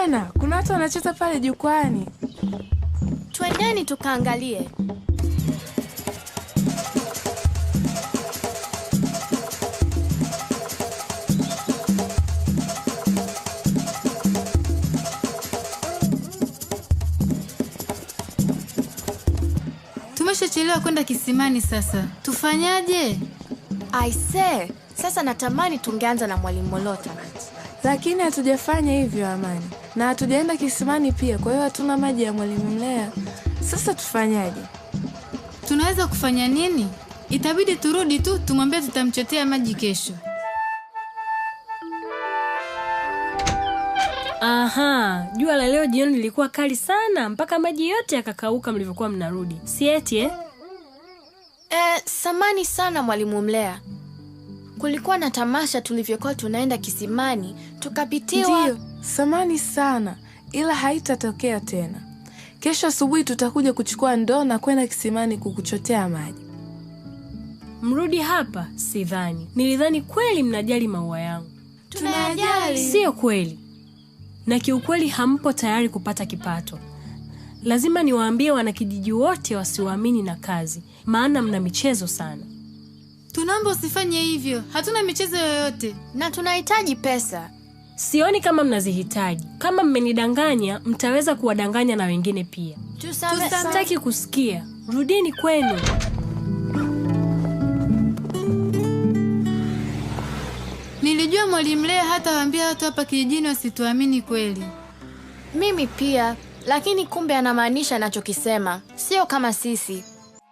Bwana, kuna watu wanacheza pale jukwani. Twendeni tukaangalie. Tumeshachelewa kwenda kisimani sasa. Tufanyaje? Aise, sasa natamani tungeanza na Mwalimu Molota lakini hatujafanya hivyo Amani, na hatujaenda kisimani pia. Kwa hiyo hatuna maji ya mwalimu Mlea. Sasa tufanyaje? Tunaweza kufanya nini? Itabidi turudi tu tumwambie tutamchotea maji kesho. Aha, jua la leo jioni lilikuwa kali sana mpaka maji yote yakakauka mlivyokuwa mnarudi, si eti eh? Eh, samani sana mwalimu Mlea Kulikuwa na tamasha tulivyokuwa tunaenda kisimani, tukapitiwa. Ndiyo, samani sana, ila haitatokea tena. Kesho asubuhi tutakuja kuchukua ndoo na kwenda kisimani kukuchotea maji. Mrudi hapa? Sidhani. Nilidhani kweli mnajali maua yangu. Tunayajali. Sio kweli, na kiukweli hampo tayari kupata kipato. Lazima niwaambie wanakijiji wote wasiwaamini na kazi, maana mna michezo sana. Tunaomba usifanye hivyo, hatuna michezo yoyote na tunahitaji pesa. Sioni kama mnazihitaji. Kama mmenidanganya, mtaweza kuwadanganya na wengine pia. Sitaki kusikia, rudini kwenu. Nilijua mwalimu Lea hata waambia watu hapa kijijini wasituamini kweli. Mimi pia, lakini kumbe anamaanisha anachokisema, sio kama sisi.